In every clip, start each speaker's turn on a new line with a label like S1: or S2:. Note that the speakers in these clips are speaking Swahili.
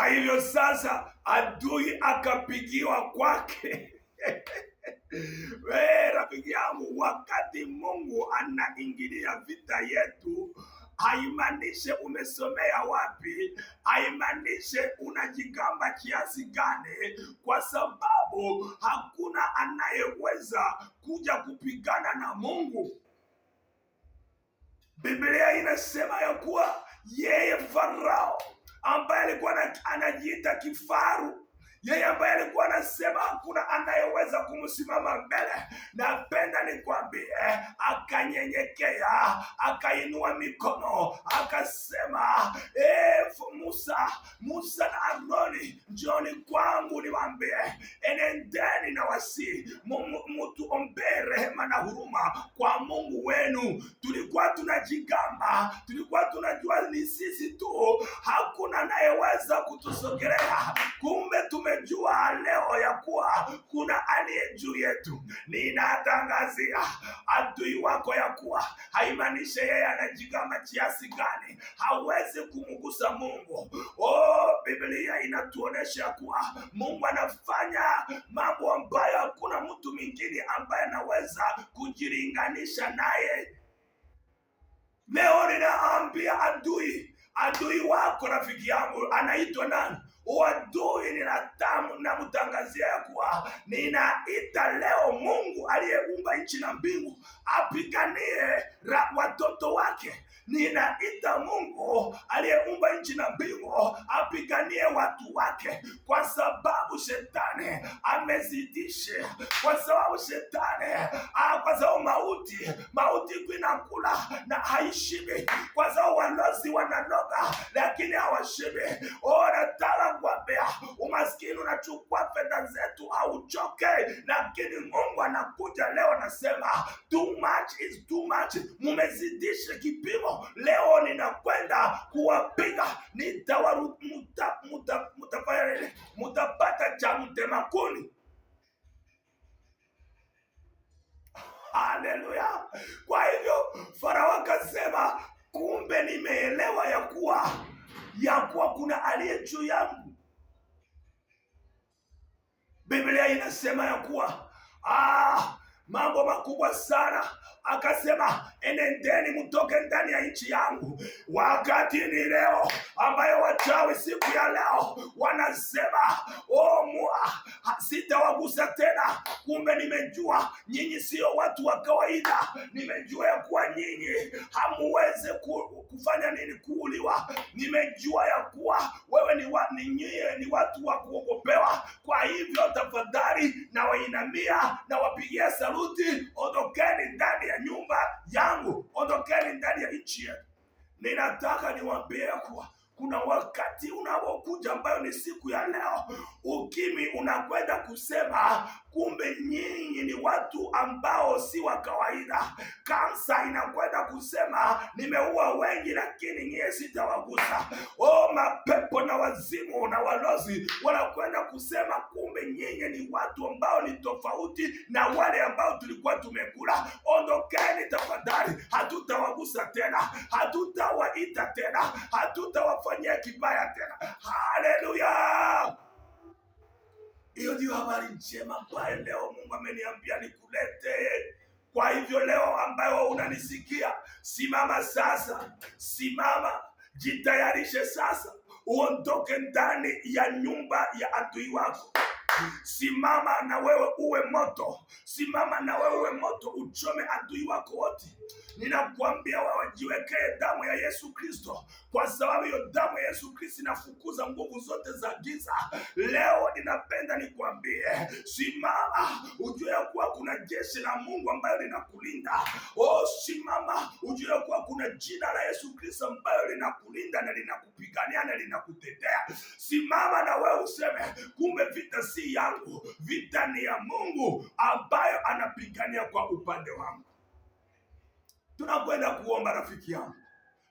S1: Kwa hivyo sasa adui akapigiwa kwake. We rafiki yangu, wakati Mungu anaingilia vita yetu, haimanishe umesomea wapi, haimanishe unajigamba kiasi gani, kwa sababu hakuna anayeweza kuja kupigana na Mungu. Biblia inasema ya kuwa yeye Farao ambaye alikuwa anajiita kifaru yeye ambaye alikuwa anasema hakuna anayeweza kumsimama mbele. Napenda nikwambie, akanyenyekea, akainua mikono, akasema efu Musa, Musa na Aroni, njoni kwangu niwaambie, enendeni na wasi ombee rehema na huruma kwa Mungu wenu. Tulikuwa tunajigamba, tulikuwa tunajua ni sisi tu, hakuna anayeweza kutusogelea, kumbe tume tumejua leo ya kuwa kuna aliye juu yetu. Ninatangazia adui wako ya kuwa haimanishe yeye anajigama kiasi gani, hawezi kumgusa Mungu. Oh, Biblia inatuonesha kuwa Mungu anafanya mambo ambayo hakuna mtu mwingine ambaye anaweza kujilinganisha naye. Leo ninaambia adui, adui wako rafiki yangu anaitwa nani? uadui na namtangazia ya kuwa ninaita leo Mungu aliyeumba nchi na mbingu apiganie watoto wake ninaita Mungu aliyeumba nchi na mbingu apiganie watu wake, kwa sababu shetani amezidishe, kwa sababu shetani, ah, kwa sababu mauti, mauti inakula na haishibi, kwa sababu walozi wananoga lakini hawashibi. onatala kuambia umaskini unachukua fedha zetu, hauchoke, lakini Mungu anakuja leo anasema too much is too much, mumezidisha kipimo leo ninakwenda kuwapiga, mutapata cha mtemakuni. Haleluya! Kwa hivyo Farao akasema, kumbe nimeelewa ya kuwa ya kuwa kuna aliye juu yangu. Biblia inasema ya kuwa ah, mambo makubwa sana. Akasema, enendeni mtoke ndani ya nchi yangu. Wakati ni leo ambayo wachawi siku ya leo wanasema oh, mua sitawagusa tena. Kumbe nimejua nyinyi sio watu wa kawaida, nimejua ya kuwa nyinyi hamuweze kufanya nini kuuliwa. Nimejua ya kuwa wewe ni, wa, ni, nyie, ni watu wa kuogopewa. Kwa hivyo tafadhali, na wainamia na wapigia saluti Ruti, ondokeni ndani ya nyumba yangu, ondokeni ndani ya nchi yetu. Ninataka niwaambie kuwa kuna wakati unaokuja ambayo ni siku ya leo, ukimi unakwenda kusema Kumbe nyinyi ni watu ambao si wa kawaida. Kansa inakwenda kusema nimeua wengi, lakini nyie sitawagusa. Oh, mapepo na wazimu na walozi wanakwenda kusema kumbe nyinyi ni watu ambao ni tofauti na wale ambao tulikuwa tumekula. Ondokeni tafadhali, hatutawagusa tena, hatutawaita tena, hatutawafanyia kibaya tena. Haleluya! Hiyo ndio habari njema ambayo leo Mungu ameniambia nikulete. Kwa hivyo leo ambayo unanisikia, simama sasa, simama, jitayarishe sasa, uondoke ndani ya nyumba ya adui wako. Simama na wewe uwe moto, simama na wewe uwe moto, uchome adui wako wote. Ninakwambia wewe, jiwekee damu ya Yesu Kristo, kwa sababu hiyo damu ya Yesu Kristo inafukuza nguvu zote za giza. Leo ninapenda nikwambie, simama, ujue ya kuwa kuna jeshi la Mungu ambayo linakulinda. Oh, simama, ujue ya kuwa kuna jina la Yesu Kristo ambayo linakulinda na linakupigania na linakutetea. Simama na wewe useme, kumbe vita si yangu, vita ni ya Mungu ambayo anapigania kwa upande wangu. Tunakwenda kuomba rafiki yangu,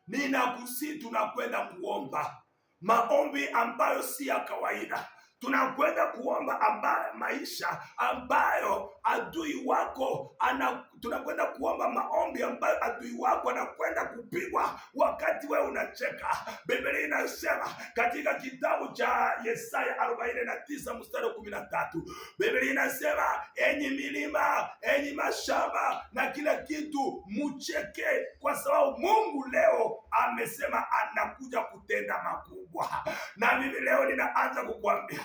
S1: ninakusii, tunakwenda kuomba maombi ambayo si ya kawaida tunakwenda kuomba ambayo maisha ambayo adui wako anaku tunakwenda kuomba maombi ambayo adui wako anakwenda kupigwa wakati wewe unacheka. Biblia inasema katika kitabu cha Yesaya arobaini na tisa mstari wa kumi na tatu Biblia inasema enyi milima, enyi mashamba na kila kitu, mucheke kwa sababu Mungu leo amesema anakuja kutenda makubwa. Na mimi leo ninaanza kukuambia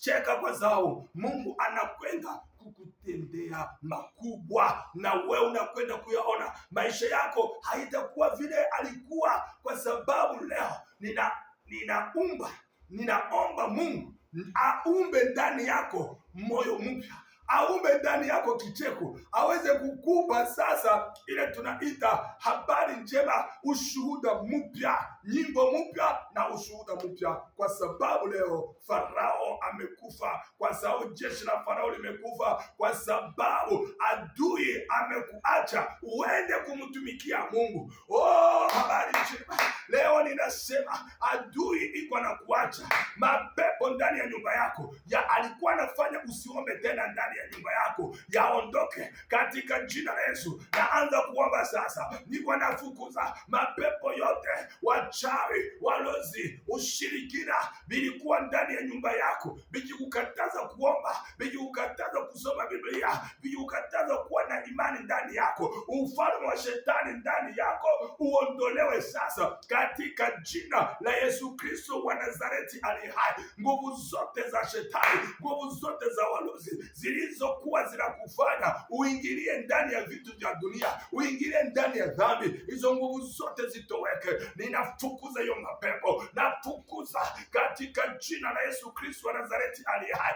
S1: cheka, kwa sababu Mungu anakwenda kukutendea makubwa, na wewe unakwenda kuyaona. Maisha yako haitakuwa vile alikuwa, kwa sababu leo nina ninaumba ninaomba Mungu aumbe ndani yako moyo mpya, aumbe ndani yako kicheko, aweze kukupa sasa ile tunaita habari njema, ushuhuda mpya, nyimbo mpya na ushuhuda mpya, kwa sababu leo Farao amekufa, kwa sababu jeshi la Farao limekufa, kwa sababu adui amekuacha uende kumtumikia Mungu. Oh, habari njema leo ninasema adui iko na kuacha mapepo ndani ya nyumba yako ya alikuwa anafanya usiombe tena ndani ya nyumba yako yaondoke katika jina la Yesu. Naanza kuomba sasa, niko nafukuza mapepo yote wachawi walo uzinzi, ushirikina vilikuwa ndani ya nyumba yako, vikikukataza kuomba, vikikukataza kusoma Biblia, vikikukataza kuwa na imani ndani yako, ufalme wa shetani ndani yako uondolewe sasa katika jina la Yesu Kristo wa Nazareti ali hai. Nguvu zote za shetani, nguvu zote za waluzi zilizokuwa zinakufanya uingilie ndani ya vitu vya dunia, uingilie ndani ya dhambi, hizo nguvu zote zitoweke. Ninafukuza hiyo mapepo na tukuza katika jina la Yesu Kristo wa Nazareti aliye hai.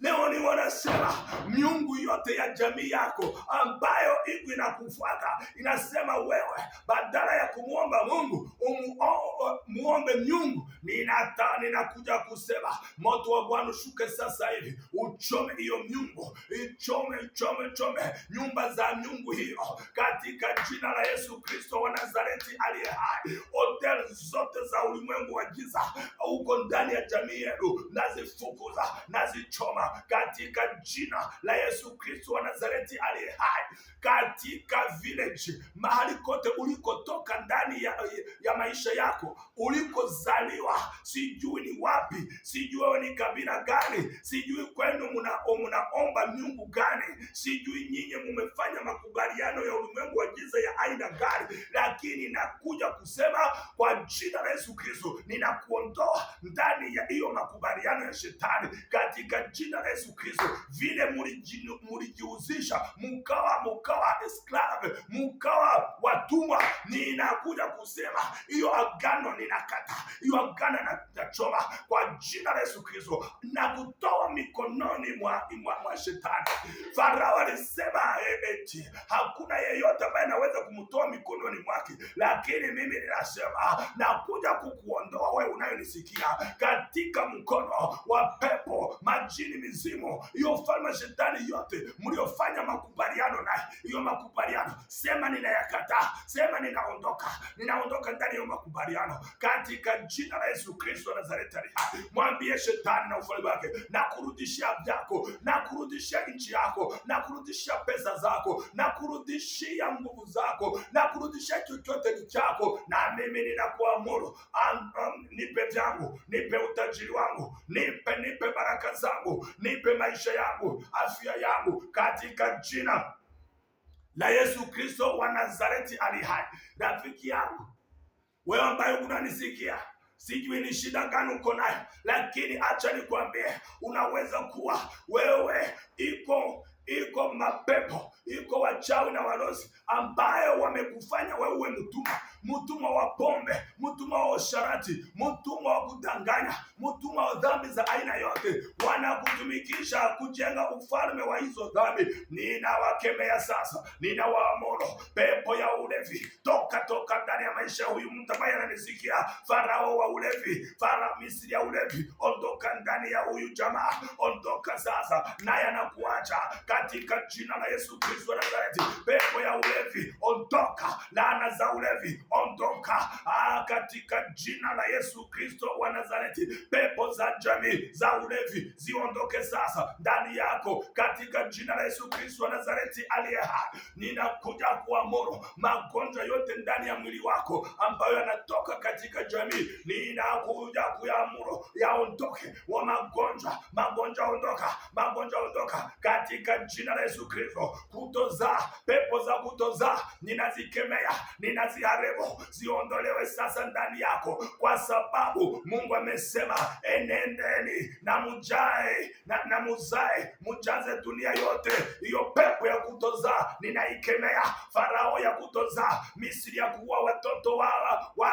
S1: Leo ni wanasema miungu yote ya jamii yako ambayo iko inakufuata inasema wewe, badala ya kumwomba Mungu umuombe miungu. Ninata ninakuja kusema moto wa Bwana ushuke sasa hivi, uchome hiyo miungu, ichome, chome, chome nyumba za miungu hiyo, katika jina la Yesu Kristo wa Nazareti aliye hai. Hoteli zote za ulimwengu wa giza uko ndani ya jamii yetu, nazifukuza nazichoma katika jina la Yesu Kristo wa Nazareti aliye hai, katika village, mahali kote ulikotoka ndani ya, ya maisha yako ulikozaliwa, sijui ni wapi, sijui ni kabila gani, sijui kwenu munaomba miungu gani, sijui nyinyi mumefanya makubaliano ya ulimwengu wa giza ya aina gani, lakini nakuja kusema kwa jina la Yesu Kristo, ninakuondoa ndani ya hiyo makubaliano ya shetani katika jina katika Yesu Kristo, vile mulijihusisha mukawa mukawa esclave mukawa watumwa, ninakuja kusema hiyo agano ninakata, hiyo agano na choma kwa jina la Yesu Kristo na kutoa mikononi mwa, mwa, mwa shetani. Farao alisema eh, eti hakuna yeyote ambaye anaweza kumtoa mikononi mwake, lakini mimi ninasema nakuja kukuondoa wewe unayonisikia katika mkono wa pepo, majini, mizimu, hiyo falme shetani yote mliofanya makubaliano naye. Hiyo makubaliano sema ninayakataa, sema ninaondoka, ninaondoka ndani ya makubaliano katika jina la Yesu Kristo. Nazareti aliye. Mwambie shetani na ufalme wake, na kurudishia vyako, na kurudishia nchi yako, na kurudishia pesa zako, na kurudishia nguvu zako, na kurudishia chochote ni chako. Na mimi ninakuamuru, nipe vyangu, nipe utajiri wangu, nipe nipe baraka zangu, nipe maisha yangu, afya yangu, katika jina la Yesu Kristo wa Nazareti ali hai. Rafiki yangu wewe ambaye unanisikia sijui ni shida gani uko nayo, lakini acha nikwambie, unaweza kuwa wewe iko iko mapepo iko wachawi na warozi ambayo wamekufanya wewe mtumwa, mtumwa wa pombe, mtumwa wa usharati, mtumwa kudanganya, mtumwa wa dhambi za aina yote, wanakutumikisha kujenga ufalme wa hizo dhambi. Ninawakemea sasa, ninawaamuru pepo ya ulevi, toka toka ndani ya maisha huyu mtu ambaye ananisikia. Farao wa ulevi, Farao Misri ya ulevi, ondoka ndani ya huyu jamaa, ondoka sasa, naye anakuacha katika jina la Yesu Kristo wa Nazareti. Pepo ya ulevi, ondoka! Laana za ulevi, ondoka! kutoka ah, katika jina la Yesu Kristo wa Nazareti. Pepo za jamii za ulevi ziondoke sasa ndani yako katika jina la Yesu Kristo wa Nazareti aliye hai. Ninakuja kuamuru magonjwa yote ndani ya mwili wako ambayo yanatoka katika jamii, ninakuja kuyaamuru yaondoke. Wa magonjwa magonjwa, ondoka magonjwa, ondoka katika jina la Yesu Kristo. Kutozaa, pepo za kutozaa ninazikemea, ninaziharibu zi usiondolewe sasa ndani yako, kwa sababu Mungu amesema enendeni na mujae na, na muzae mujaze dunia yote. Hiyo pepo ya kutozaa ninaikemea, farao ya kutozaa, Misri ya kuua watoto wa, wa,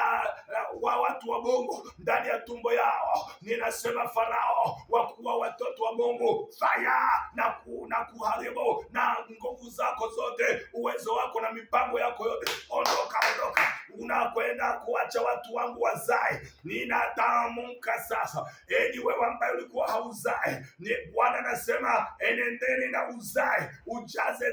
S1: wa watu wa Mungu ndani ya tumbo yao, ninasema farao wa kuua watoto wa Mungu, faya na, ku, na kuharibu na nguvu zako zote, uwezo wako na mipango yako yote, ondoka, ondoka una unakwenda kuacha watu wangu wazae. Ninatamka sasa, eni wewe ambaye ulikuwa hauzae, ni Bwana anasema enendeni na uzae, ujaze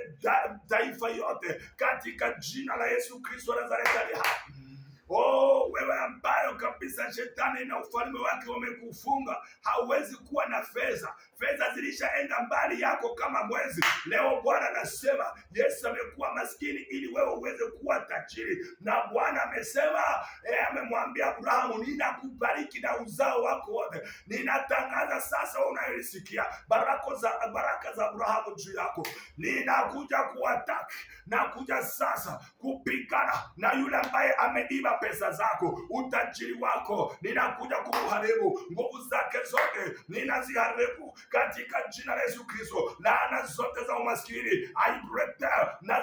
S1: taifa yote katika jina la Yesu Kristo wa Nazareti ali hai Oh, wewe ambayo kabisa shetani na ufalme wake wamekufunga, hauwezi kuwa na fedha. Fedha zilishaenda mbali yako kama mwezi. Leo Bwana anasema Yesu amekuwa maskini ili wewe uweze kuwa tajiri, na Bwana amesema eh, amemwambia Abrahamu, ninakubariki na uzao wako wote. Ninatangaza sasa, unayoisikia baraka za baraka za Abrahamu juu yako, ninakuja kuataki nakuja sasa kupigana na yule ambaye ameiba pesa zako, utajiri wako, ninakuja kuharibu, Nguvu zake zote ninaziharibu katika jina la Yesu Kristo. Laana zote za umaskini I break down,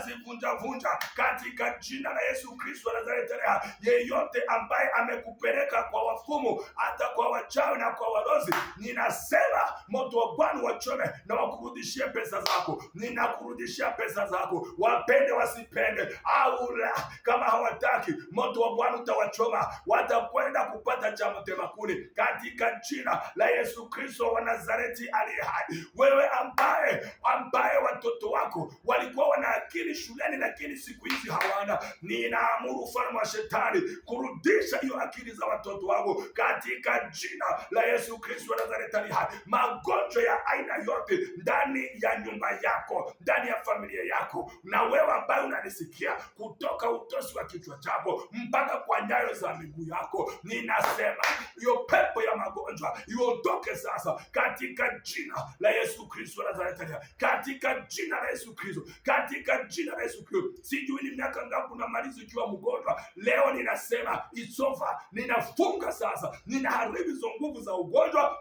S1: vunja katika jina la Yesu Kristo anazaretelea. Yeyote ambaye amekupeleka kwa wafumu, hata kwa wachawi na kwa walozi, ninasema moto wa Bwana wachome na wakurudishie pesa zako, ninakurudishia pesa zako, wapende wasipende, au la kama hawataki moto wa Bwana utawachoma, watakwenda kupata cha temakuni katika jina la Yesu Kristo wa Nazareti aliye hai. Wewe ambaye ambaye watoto wako walikuwa wana akili shuleni, lakini siku hizi hawana, ninaamuru ufalme wa shetani kurudisha hiyo akili za watoto wako katika jina la Yesu Kristo wa Nazareti aliye hai. Magonjwa ya aina yote ndani ya nyumba yako, ndani ya familia yako, na wewe ambaye unanisikia kutoka utosi wa kichwa chako mpaka kwa nyayo za miguu yako. Ninasema hiyo pepo ya magonjwa iondoke sasa katika jina la Yesu Kristo Nazareti, katika jina la Yesu Kristo, katika jina la Yesu Kristo. Sijui ni miaka ngapi unamaliza ukiwa mgonjwa, leo ninasema it's over. Ninafunga sasa, ninaharibu hizo nguvu za ugonjwa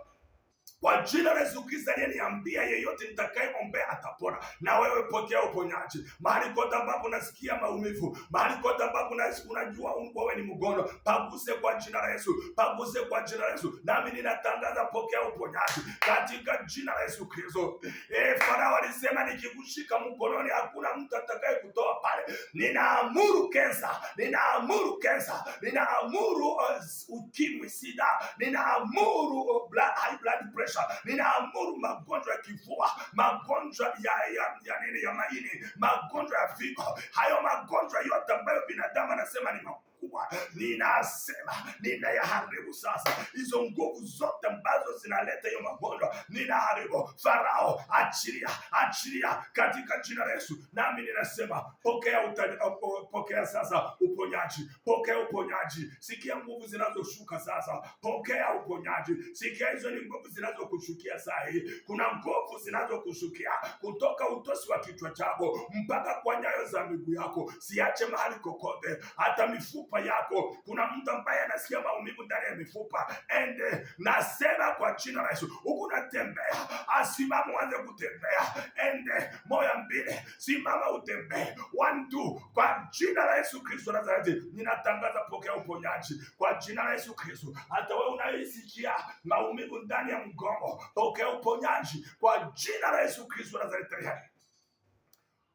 S1: kwa jina la Yesu Kristo aliyeniambia, yeyote nitakayemwombea atapona. Na wewe pokea uponyaji mahali kote ambapo unasikia maumivu, mahali kote ambapo unajua wewe ni mgonjwa, paguse kwa jina la Yesu, paguse kwa jina la Yesu. Nami ninatangaza pokea uponyaji katika jina la Yesu Kristo. Eh, Farao alisema nikikushika mkononi hakuna mtu atakaye kutoa pale. Ninaamuru kensa, ninaamuru kensa, ninaamuru uh, ukimwi, sida, ninaamuru uh, high blood pressure kunyesha, ninaamuru magonjwa ya kifua, magonjwa ya ya, ya nini ya maini, magonjwa ya figo, hayo magonjwa yote ambayo binadamu anasema ni magonjwa makubwa. Ninasema ninayaharibu sasa hizo nguvu zote ambazo zinaleta hiyo magonjwa, ninaharibu Farao, achilia, achilia katika jina la Yesu. Nami ninasema pokea oh, oh, pokea sasa uponyaji, pokea uponyaji. Sikia nguvu zinazoshuka sasa, pokea uponyaji. Sikia hizo ni nguvu zinazokushukia saa hii. Kuna nguvu zinazokushukia kutoka utosi wa kichwa chako mpaka kwa nyayo za miguu yako, siache mahali kokote, hata mifupa mifupa yako. Kuna mtu ambaye anasikia maumivu ndani ya mifupa, ende nasema kwa jina la Yesu, huku natembea, asimama, uanze kutembea, ende moya mbili, simama utembee, one two, kwa jina la Yesu Kristo Nazareti. Ninatangaza pokea uponyaji kwa jina la Yesu Kristo. Hata wewe unaisikia maumivu ndani ya mgongo, pokea uponyaji kwa jina la Yesu Kristo Nazareti.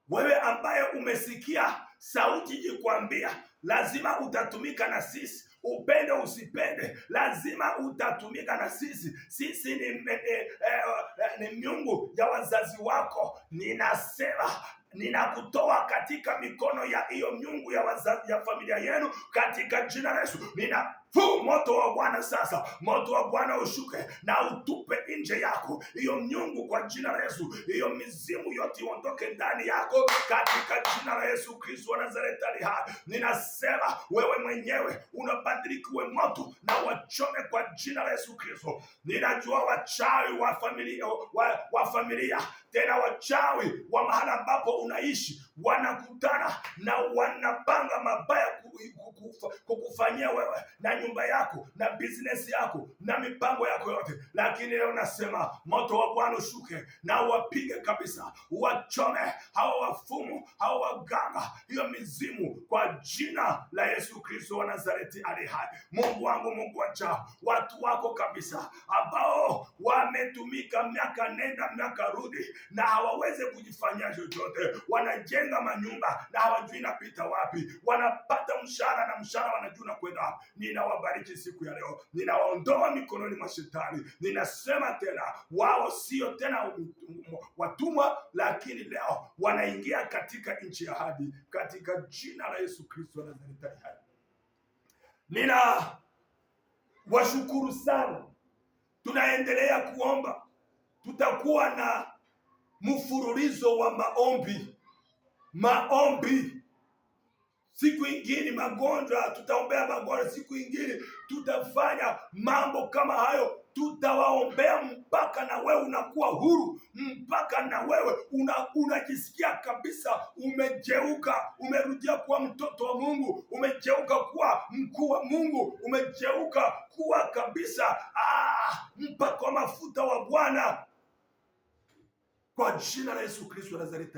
S1: Wewe ambaye umesikia sauti ikwambia lazima utatumika na sisi upende usipende, lazima utatumika na sisi. Sisi ni, ni, eh, ni, eh, eh, ni miungu ya wazazi wako. Ninasema ninakutoa katika mikono ya hiyo miungu ya wazazi, ya familia yenu katika jina la Yesu nina Hu, moto wa Bwana sasa, moto wa Bwana ushuke na utupe nje yako hiyo nyungu kwa jina la Yesu, hiyo mizimu yote iondoke ndani yako katika jina la Yesu Kristo wa Nazareti ali hai. Ninasema wewe mwenyewe uwe moto na wachome kwa jina la Yesu Kristo. Ninajua wachawi wa familia, wa, wa familia tena wachawi wa mahala ambapo unaishi wanakutana na wanapanga mabaya kukufanyia wewe na nyumba yako na bizinesi yako na mipango yako yote, lakini leo nasema moto wa Bwana ushuke na uwapige kabisa, wachome hawa wafumu hawa waganga, hiyo mizimu, kwa jina la Yesu Kristo wa Nazareti ali hai. Mungu wangu, Mungu wacha watu wako kabisa, ambao wametumika miaka nenda miaka rudi na hawaweze kujifanyia chochote, wanajenga manyumba na hawajui napita wapi, wanapata mshahara na mshahara wanajua kwenda. Ninawabariki siku ya leo, ninawaondoa mikononi mwa shetani. Ninasema tena, wao sio tena watumwa, lakini leo wanaingia katika nchi ya ahadi, katika jina la Yesu Kristo wa Nazareti. Nina washukuru sana, tunaendelea kuomba, tutakuwa na mfululizo wa maombi maombi Siku ingine magonjwa, tutaombea magonjwa. Siku ingine tutafanya mambo kama hayo, tutawaombea mpaka na wewe unakuwa huru, mpaka na wewe unajisikia una kabisa umejeuka, umerudia kuwa mtoto wa Mungu, umejeuka kuwa mkuu wa Mungu, umejeuka kuwa kabisa ah, mpaka wa mafuta wa Bwana kwa jina la Yesu Kristo wa Nazareti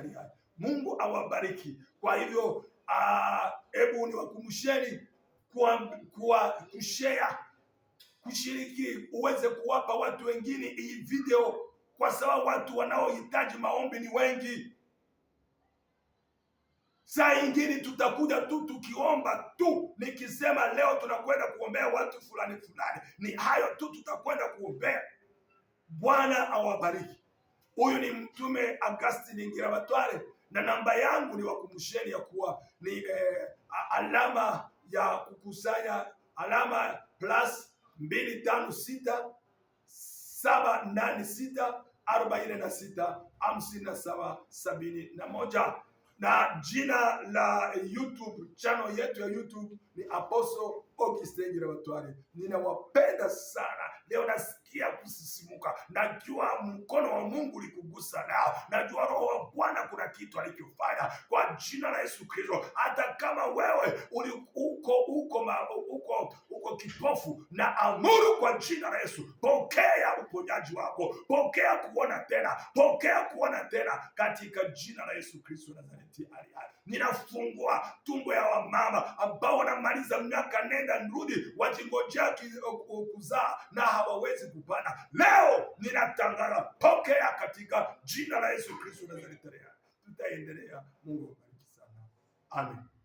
S1: Mungu awabariki. Kwa hivyo Ah, hebu niwakumbusheni kwa, kwa kushare kushiriki, uweze kuwapa watu wengine hii video, kwa sababu watu wanaohitaji maombi ni wengi. Saa ingine tutakuja tu tukiomba tu, nikisema leo tunakwenda kuombea watu fulani fulani, ni hayo tu tutakwenda kuombea. Bwana awabariki. Huyu ni Mtume Augustine Ngirabatware na namba yangu ni wakumbusheni ya kuwa ni eh, alama ya kukusanya alama plus mbili tano sita saba nane sita arobaini na sita hamsini na saba sabini na moja na jina la YouTube channel yetu ya YouTube ni Apostle Augustine Girabatware. Ninawapenda sana leo nasikia ya kusisimuka. Najua mkono wa Mungu ulikugusa nao, najua roho wa Bwana kuna kitu alikifanya kwa jina la Yesu Kristo. Hata kama wewe uli uko uko ma, uko uko kipofu, na amuru kwa jina la Yesu, pokea uponyaji wako, pokea kuona tena, pokea kuona tena katika jina la Yesu Kristo Nazareti ninafungua tumbo ya wamama ambao wanamaliza miaka nenda nrudi, wajingojea kuzaa na hawawezi kupana. Leo ninatangaza, pokea katika jina la Yesu Kristo Nazareti. Tutaendelea. Mungu akubariki sana, amen.